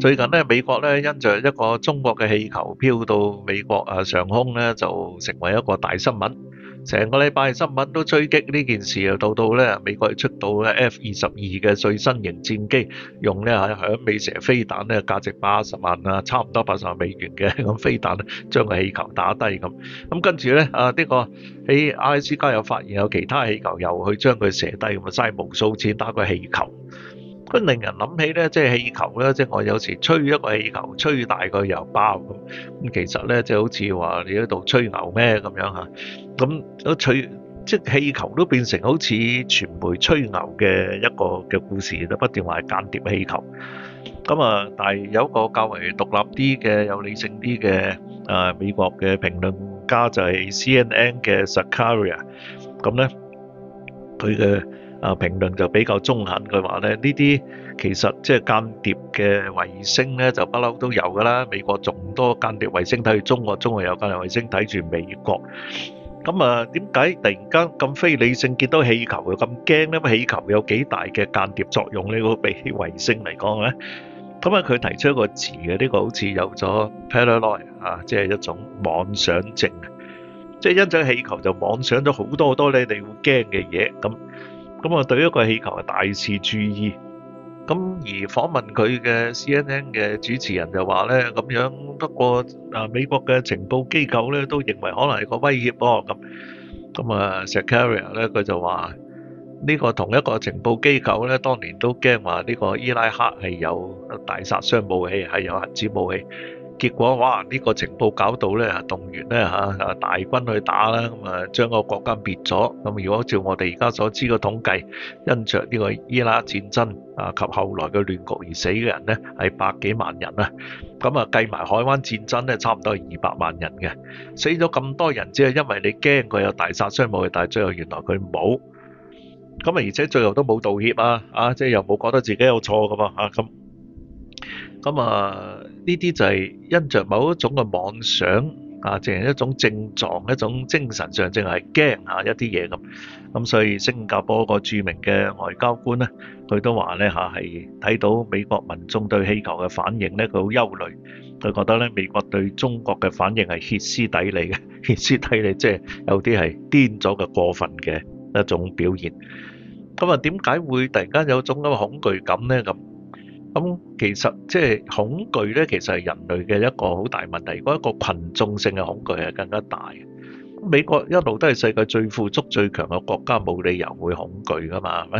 最近咧，美國咧因着一個中國嘅氣球飄到美國啊上空咧，就成為一個大新聞。成個禮拜新聞都追擊呢件事，又到到咧美國出到咧 F 二十二嘅最新型戰機，用咧響尾蛇飛彈呢價值八十萬啊，差唔多八十萬美元嘅咁飛彈將個氣球打低咁。咁跟住咧啊呢個喺阿拉斯加又發現有其他氣球又去將佢射低，咁啊嘥無數錢打個氣球。佢令人諗起咧，即係氣球咧，即係我有時吹一個氣球，吹大個油包咁。咁其實咧，即係好似話你喺度吹牛咩咁樣嚇。咁個吹即係氣球都變成好似傳媒吹牛嘅一個嘅故事啦，不斷話係間諜氣球。咁啊，但係有一個較為獨立啲嘅、有理性啲嘅啊，美國嘅評論家就係 CNN 嘅 Zakaria。咁咧，佢嘅。啊，評論就比較中肯。佢話咧，呢啲其實即係間諜嘅衛星咧，就不嬲都有㗎啦。美國眾多間諜衛星睇住中國，中國有間諜衛星睇住美國。咁啊，點解突然間咁非理性見到氣球又咁驚咧？咁氣球有幾大嘅間諜作用咧？比起衛星嚟講咧，咁啊，佢提出一個詞嘅，呢個好似有咗 paranoia 啊，即係一種妄想症，即係因咗氣球就妄想咗好多好多咧，你會驚嘅嘢咁。咁啊，對一個氣球係大肆注意，咁而訪問佢嘅 CNN 嘅主持人就話呢，咁樣不過啊，美國嘅情報機構呢，都認為可能係個威脅哦，咁咁啊 Sakaria 咧，佢就話呢個同一個情報機構呢，當年都驚話呢個伊拉克係有大殺傷武器，係有核子武器，結果哇！呢、這個情報搞到咧，動員咧啊大軍去打啦，咁啊將個國家滅咗。咁、啊、如果照我哋而家所知個統計，因着呢個伊拉克戰爭啊及後來嘅亂局而死嘅人咧係百幾萬人啊！咁啊計埋海灣戰爭咧差唔多二百萬人嘅死咗咁多人，只係因為你驚佢有大殺傷武器，但係最後原來佢冇。咁啊，啊，而且最後都冇道歉啊！啊，即係又冇覺得自己有錯噶嘛！咁咁啊～啊啊啊啊啊呢啲就係因著某一種嘅妄想啊，淨係一種症狀，一種精神上淨係驚吓一啲嘢咁。咁所以新加坡個著名嘅外交官咧，佢都話咧嚇係睇到美國民眾對氣球嘅反應咧，佢好憂慮。佢覺得咧美國對中國嘅反應係歇斯底里嘅，歇斯底里即係有啲係癲咗嘅過分嘅一種表現。咁啊，點解會突然間有種咁嘅恐懼感咧？咁？咁其實即係恐懼咧，其實係人類嘅一個好大問題。如果一個羣眾性嘅恐懼係更加大。美國一路都係世界最富足、最強嘅國家，冇理由會恐懼㗎嘛？係咪？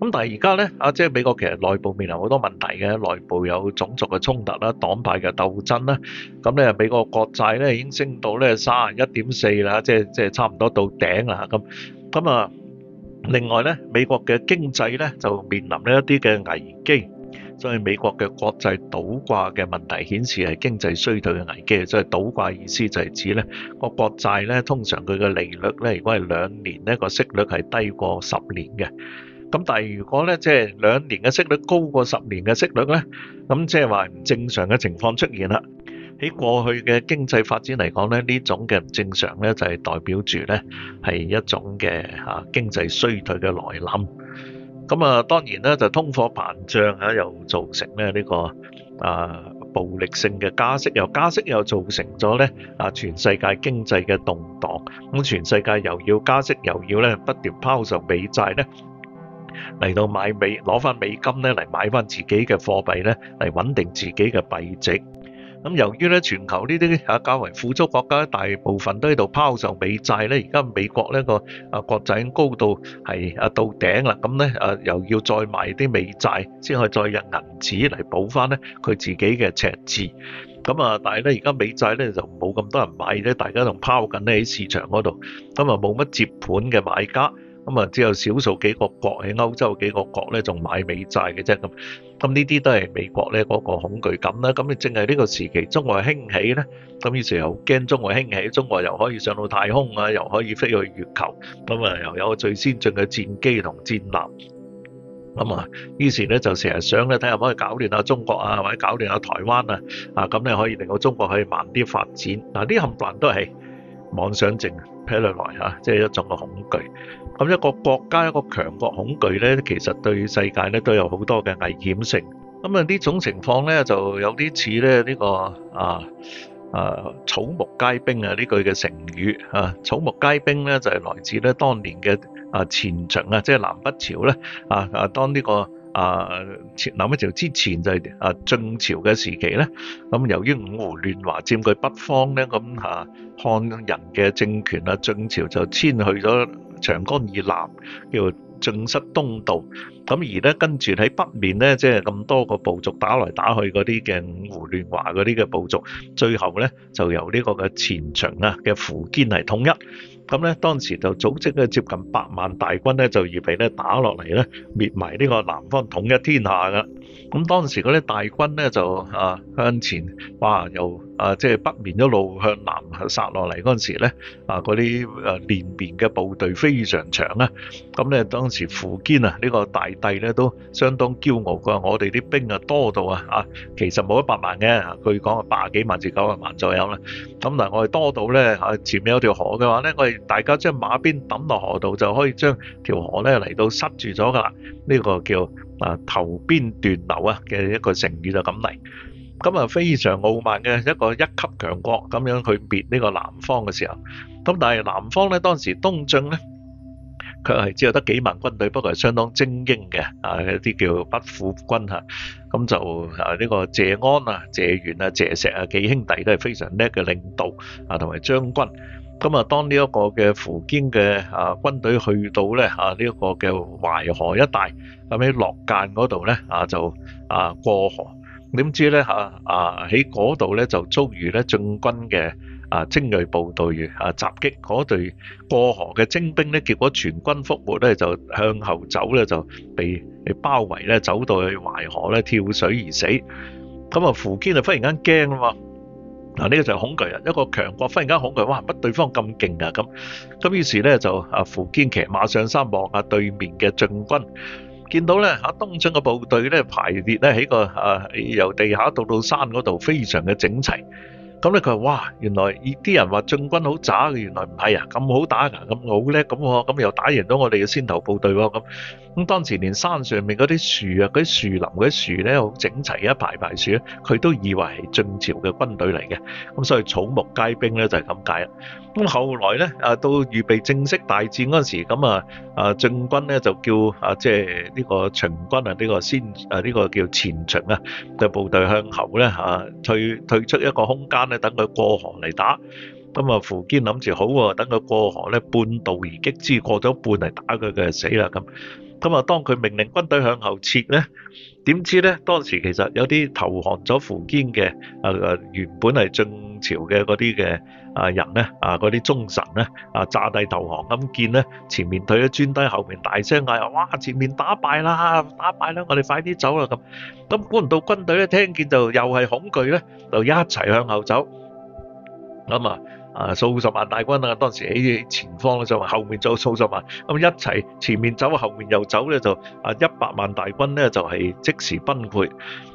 咁但係而家咧啊，即係美國其實內部面臨好多問題嘅，內部有種族嘅衝突啦、黨派嘅鬥爭啦。咁咧美國國債咧已經升到咧三十一點四啦，即係即係差唔多到頂啦。咁咁啊，另外咧美國嘅經濟咧就面臨咧一啲嘅危機。所以美國嘅國債倒掛嘅問題，顯示係經濟衰退嘅危機。即係倒掛意思就係指咧，個國債咧通常佢嘅利率咧，如果係兩年咧個息率係低過十年嘅。咁但係如果咧即係兩年嘅息率高過十年嘅息率咧，咁即係話唔正常嘅情況出現啦。喺過去嘅經濟發展嚟講咧，呢種嘅唔正常咧就係代表住咧係一種嘅嚇經濟衰退嘅來臨。咁啊，當然咧就通貨膨脹啊，又造成咩、這、呢個啊暴力性嘅加息，又加息又造成咗咧啊全世界經濟嘅動盪。咁全世界又要加息，又要咧不斷拋售美債咧嚟到買美，攞翻美金咧嚟買翻自己嘅貨幣咧嚟穩定自己嘅幣值。咁由於咧，全球呢啲啊較為富足國家，大部分都喺度拋售美債咧。而家美國呢個啊國債高度係啊到頂啦。咁咧啊又要再賣啲美債，先可以再入銀紙嚟補翻咧佢自己嘅赤字。咁啊，但係咧而家美債咧就冇咁多人買咧，大家仲拋緊咧喺市場嗰度，咁啊冇乜接盤嘅買家。咁啊，只有少數幾個國喺歐洲幾個國咧，仲買美債嘅啫。咁咁呢啲都係美國咧嗰個恐懼感啦。咁正係呢個時期，中國興起咧，咁於是又驚中國興起，中國又可以上到太空啊，又可以飛去月球，咁啊又有最先進嘅戰機同戰艦。咁啊，於是咧就成日想咧睇下可以搞亂下中國啊，或者搞亂下台灣啊。啊咁咧可以令到中國可以慢啲發展。嗱，呢，冚唪唥都係。妄想症撇落來嚇，即係一種嘅恐懼。咁一個國家一個強國恐懼咧，其實對世界咧都有好多嘅危險性。咁啊呢種情況咧，就有啲似咧呢個啊啊草木皆兵啊呢句嘅成語啊。草木皆兵咧啊就係來自咧當年嘅啊前秦啊，即係南北朝咧啊啊當呢個。啊，諗一就之前就係、是、啊，晉朝嘅時期咧。咁、嗯、由於五胡亂華佔據北方咧，咁啊漢人嘅政權啊，晉朝就遷去咗長江以南，叫做晉室東道。咁、嗯、而咧跟住喺北面咧，即係咁多個部族打來打去嗰啲嘅五胡亂華嗰啲嘅部族，最後咧就由呢個嘅前秦啊嘅苻堅嚟統一。咁呢，當時就組織了接近百萬大軍呢，就預備打落嚟呢，滅埋呢個南方統一天下㗎。咁當時嗰啲大軍呢，就、啊、向前，哇又～啊，即係北面一路向南殺落嚟嗰陣時咧，啊嗰啲誒連綿嘅部隊非常長啦。咁咧當時苻堅啊呢個大帝咧都相當驕傲。佢話我哋啲兵啊多到啊其實冇一百萬嘅，佢講八幾幾萬至九十萬左右啦。咁嗱，我哋多到咧前面有條河嘅話咧，我哋大家將馬鞭抌落河度就可以將條河咧嚟到塞住咗㗎啦。呢個叫啊投鞭斷流啊嘅一個成語就咁嚟。咁啊，非常傲慢嘅一個一級強國，咁樣去滅呢個南方嘅時候，咁但係南方咧，當時東晉咧，佢係只有得幾萬軍隊，不過係相當精英嘅，啊，一啲叫北府軍嚇，咁、啊、就啊呢、這個謝安啊、謝玄啊、謝石啊幾兄弟都係非常叻嘅領導啊同埋將軍，咁啊當呢一個嘅苻堅嘅啊軍隊去到咧啊呢一、這個嘅淮河一帶，咁、啊、喺洛澗嗰度咧啊就啊過河。點知咧嚇啊，喺嗰度咧就遭遇咧進軍嘅啊精鋭部隊啊襲擊。嗰隊過河嘅精兵咧，結果全軍覆沒咧，就向後走咧，就被嚟包圍咧，走到去淮河咧，跳水而死。咁啊苻堅啊忽然間驚啊嘛，嗱，呢個就係恐懼啊，一個強國忽然間恐懼哇，乜對方咁勁啊咁咁於是咧，就啊苻堅騎馬上山，望下對面嘅進軍。見到咧嚇，東進嘅部隊咧排列咧喺個嚇由、呃、地下到到山嗰度，非常嘅整齊。咁咧佢話：哇，原來啲人話晉軍好渣嘅，原來唔係啊，咁好打好啊，咁好叻咁咁又打贏咗我哋嘅先頭部隊喎、啊。咁咁當時連山上面嗰啲樹啊、嗰啲樹林嗰啲樹咧，好整齊一排排樹咧，佢都以為係晉朝嘅軍隊嚟嘅。咁所以草木皆兵咧就係咁解啦。咁後來咧啊，到預備正式大戰嗰陣時，咁啊啊晉軍咧就叫啊即係呢個秦軍啊，呢、呢個先呢、啊呢個叫前秦啊嘅部隊向後咧、啊、退退出一個空間。你等佢過河嚟打，咁啊苻堅諗住好喎，等佢過河咧半渡而擊之，過咗半嚟打佢，佢就死啦咁。咁啊，當佢命令軍隊向後撤咧，點知咧當時其實有啲投降咗苻堅嘅，誒誒原本係晉。朝嘅嗰啲嘅啊人咧，啊嗰啲忠臣咧，啊炸地投降，咁見咧，前面退咗磚低，後面大聲嗌，哇，前面打敗啦，打敗啦，我哋快啲走啦。咁，咁估唔到軍隊咧聽見就又係恐懼咧，就一齊向後走啊嘛。啊數十萬大軍啊當時喺前方啦，就話後面走數十萬，咁一齊前面走啊，後面又走咧，就啊一百萬大軍咧就係即時崩潰。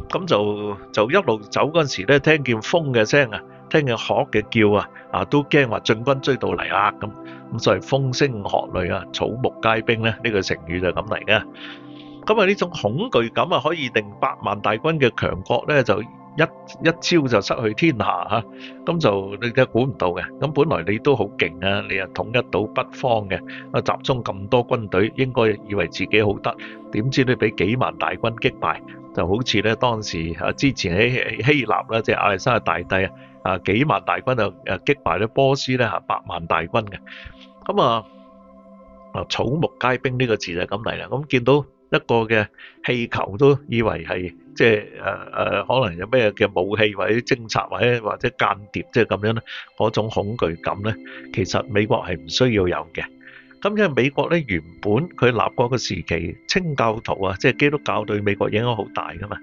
咁就就一路走嗰陣時咧聽見風嘅聲啊！聽嘅鶴嘅叫啊，啊都驚話晉軍追到嚟啊咁咁，所以風聲鶴唳啊，草木皆兵咧呢個成語就咁嚟嘅。咁啊呢種恐懼感啊，可以令百萬大軍嘅強國咧就一一朝就失去天下啊。咁就你又估唔到嘅。咁本來你都好勁啊，你又統一到北方嘅啊，集中咁多軍隊，應該以為自己好得，點知你俾幾萬大軍擊敗，就好似咧當時啊之前喺希希臘咧，即係亞歷山大帝啊。啊幾萬大軍就誒擊敗咗波斯咧嚇，百萬大軍嘅。咁啊啊草木皆兵呢個字就係咁嚟啦。咁見到一個嘅氣球都以為係，即係誒誒，可能有咩嘅武器或者偵察，或者或者間諜即係咁樣咧，嗰種恐懼感咧，其實美國係唔需要有嘅。咁因為美國咧原本佢立國嘅時期，清教徒啊，即係基督教對美國影響好大噶嘛。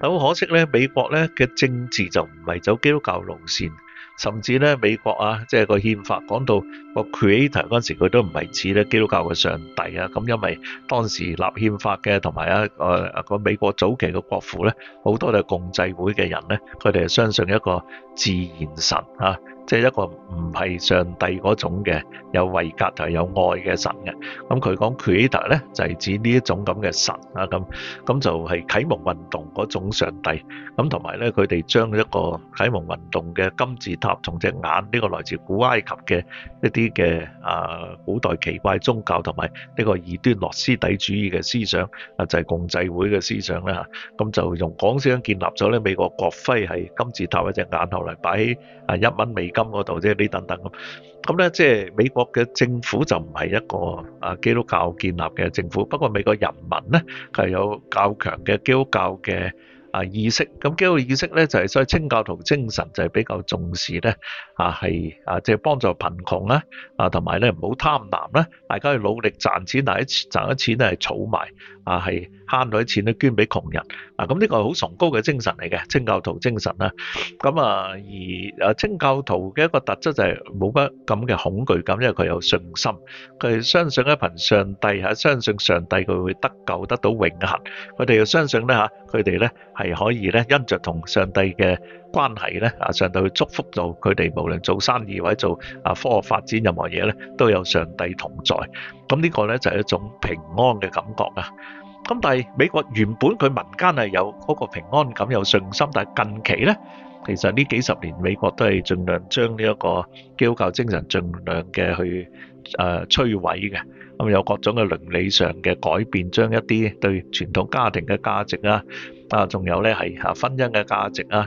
好可惜咧，美國咧嘅政治就唔係走基督教路線，甚至咧美國啊，即係個憲法講到個 Creator 嗰陣時，佢都唔係指咧基督教嘅上帝啊。咁因為當時立憲法嘅同埋啊，誒個美國早期嘅國父咧，好多都係共濟會嘅人咧，佢哋係相信一個自然神啊。即係一個唔係上帝嗰種嘅有位格同有愛嘅神嘅，咁佢講 Creator 咧就係、是、指呢一種咁嘅神啊，咁，咁就係啟蒙運動嗰種上帝，咁同埋咧佢哋將一個啟蒙運動嘅金字塔同隻眼呢、這個來自古埃及嘅一啲嘅啊古代奇怪宗教同埋呢個異端洛斯底主義嘅思想啊就係、是、共濟會嘅思想啦嚇，咁就用講聲建立咗咧美國國徽係金字塔一隻眼後嚟，擺喺啊一蚊美。咁嗰度即係呢等等咁，咁咧即係美國嘅政府就唔係一個啊基督教建立嘅政府，不過美國人民咧係有較強嘅基督教嘅啊意識，咁基督教意識咧就係、是、所以清教徒精神就係比較重視咧啊係啊即係幫助貧窮啦，啊同埋咧唔好貪婪啦，大家要努力賺錢，賺咗錢咧係儲埋。啊，係慳到啲錢都捐俾窮人，啊咁呢個係好崇高嘅精神嚟嘅，清教徒精神啦。咁啊，而啊清教徒嘅一個特質就係冇乜咁嘅恐懼感，因為佢有信心，佢相信一憑上帝嚇，相信上帝佢會得救得到永恆，佢哋又相信咧嚇，佢哋咧係可以咧因著同上帝嘅。關係咧啊，上帝去祝福到佢哋，無論做生意或者做啊科學發展任何嘢咧，都有上帝同在。咁呢個咧就係一種平安嘅感覺啊。咁但係美國原本佢民間係有嗰個平安感、有信心，但係近期咧，其實呢幾十年美國都係盡量將呢一個基督教精神盡量嘅去誒摧毀嘅，咁，有各種嘅倫理上嘅改變，將一啲對傳統家庭嘅價值啊啊，仲有咧係嚇婚姻嘅價值啊。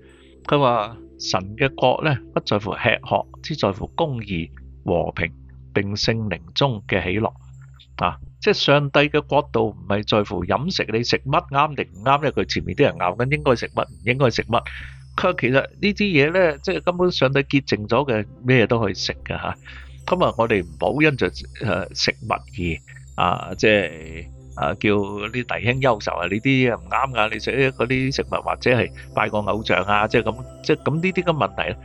佢話神嘅國咧，不在乎吃喝，只在乎公義、和平、並聖靈中嘅喜樂啊！即係上帝嘅國度唔係在乎飲食，你食乜啱定唔啱咧？佢前面啲人拗緊應該食乜，唔應該食乜。佢話其實呢啲嘢咧，即係根本上帝潔淨咗嘅，咩都可以食㗎吓。今日我哋唔好因著誒食物而啊，即係。啊！叫啲弟兄憂愁啊！呢啲唔啱噶，你食嗰啲食物或者係拜個偶像啊，即係咁，即係咁呢啲嘅問題咧。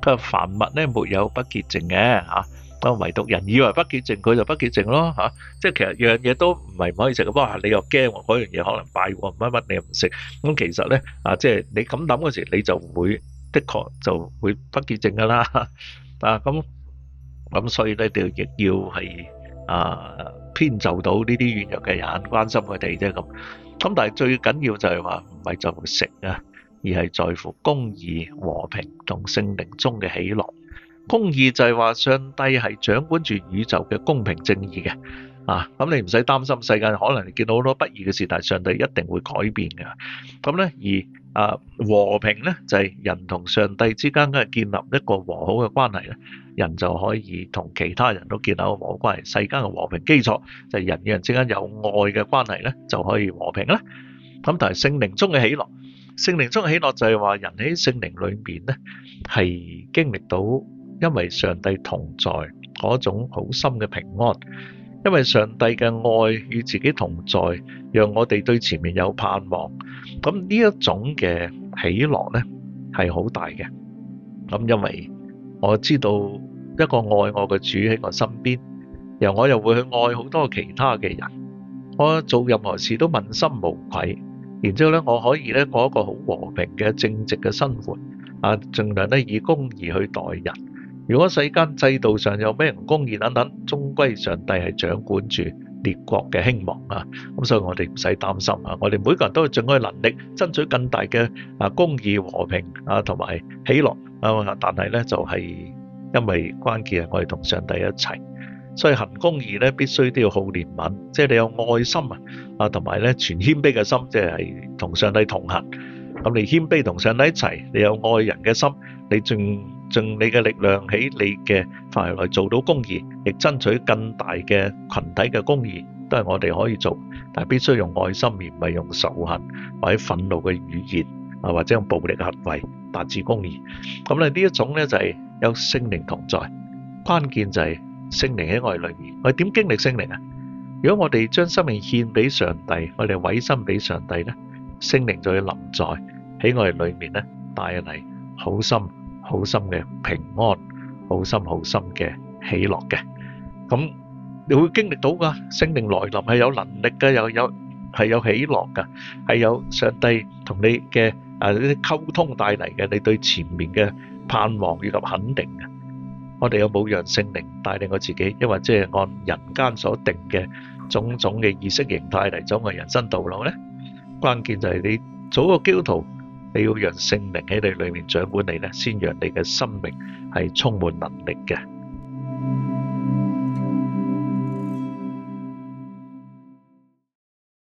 佢話凡物咧沒有不潔淨嘅嚇，咁唯獨人以為不潔淨，佢就不潔淨咯嚇。即係其實樣樣嘢都唔係唔可以食。不過你又驚喎，嗰樣嘢可能拜過乜乜，你又唔食。咁其實咧啊，即係你咁諗嗰時，你就會的確就會不潔淨噶啦。啊咁咁所以咧，亦要係啊～偏就到呢啲軟弱嘅人，關心佢哋啫咁，咁但係最緊要是是就係話唔係就食啊，而係在乎公義、和平同聖靈中嘅喜樂。公義就係話上帝係掌管住宇宙嘅公平正義嘅啊，咁你唔使擔心世界，可能你見到好多不義嘅事，但係上帝一定會改變嘅。咁咧而啊和平咧就係、是、人同上帝之間都係建立一個和好嘅關係咧。人就可以同其他人都建立個和關係，世間嘅和平基礎就係、是、人與人之間有愛嘅關係咧，就可以和平啦。咁但係聖靈中嘅喜樂，聖靈中嘅喜樂就係話人喺聖靈裏面咧，係經歷到因為上帝同在嗰種好深嘅平安，因為上帝嘅愛與自己同在，讓我哋對前面有盼望。咁呢一種嘅喜樂咧係好大嘅。咁因為我知道。一個愛我嘅主喺我身邊，然後我又會去愛好多其他嘅人，我做任何事都問心無愧，然之後咧我可以咧過一個好和平嘅正直嘅生活，啊盡量咧以公義去待人。如果世間制度上有咩唔公義等等，終歸上帝係掌管住列國嘅興亡啊。咁所以我哋唔使擔心啊，我哋每個人都會盡佢能力爭取更大嘅啊公義和平啊同埋喜樂啊，但係咧就係、是。因為關鍵係我哋同上帝一齊，所以行公義咧必須都要好憐憫，即係你有愛心啊，啊同埋咧全謙卑嘅心，即係同上帝同行。咁你謙卑同上帝一齊，你有愛人嘅心，你盡盡你嘅力量喺你嘅範圍內做到公義，亦爭取更大嘅群體嘅公義，都係我哋可以做，但係必須用愛心，而唔係用仇恨或者憤怒嘅語言啊，或者用暴力嘅行為達至公義。咁咧呢一種咧就係。有聖靈同在，關鍵就係聖靈喺我哋裏面。我哋點經歷聖靈啊？如果我哋將生命獻俾上帝，我哋委身俾上帝咧，聖靈就會臨在喺我哋裏面咧，帶嚟好心好心嘅平安，好心好心嘅喜樂嘅。咁你會經歷到噶聖靈來臨係有能力嘅，有有係有喜樂嘅，係有上帝同你嘅啊啲溝通帶嚟嘅。你對前面嘅。盼望以及肯定嘅，我哋有冇讓聖靈帶領我自己？因為即係按人間所定嘅種種嘅意識形態嚟走我人生道路咧，關鍵就係你做個基督徒，你要讓聖靈喺你裏面掌管你咧，先讓你嘅生命係充滿能力嘅。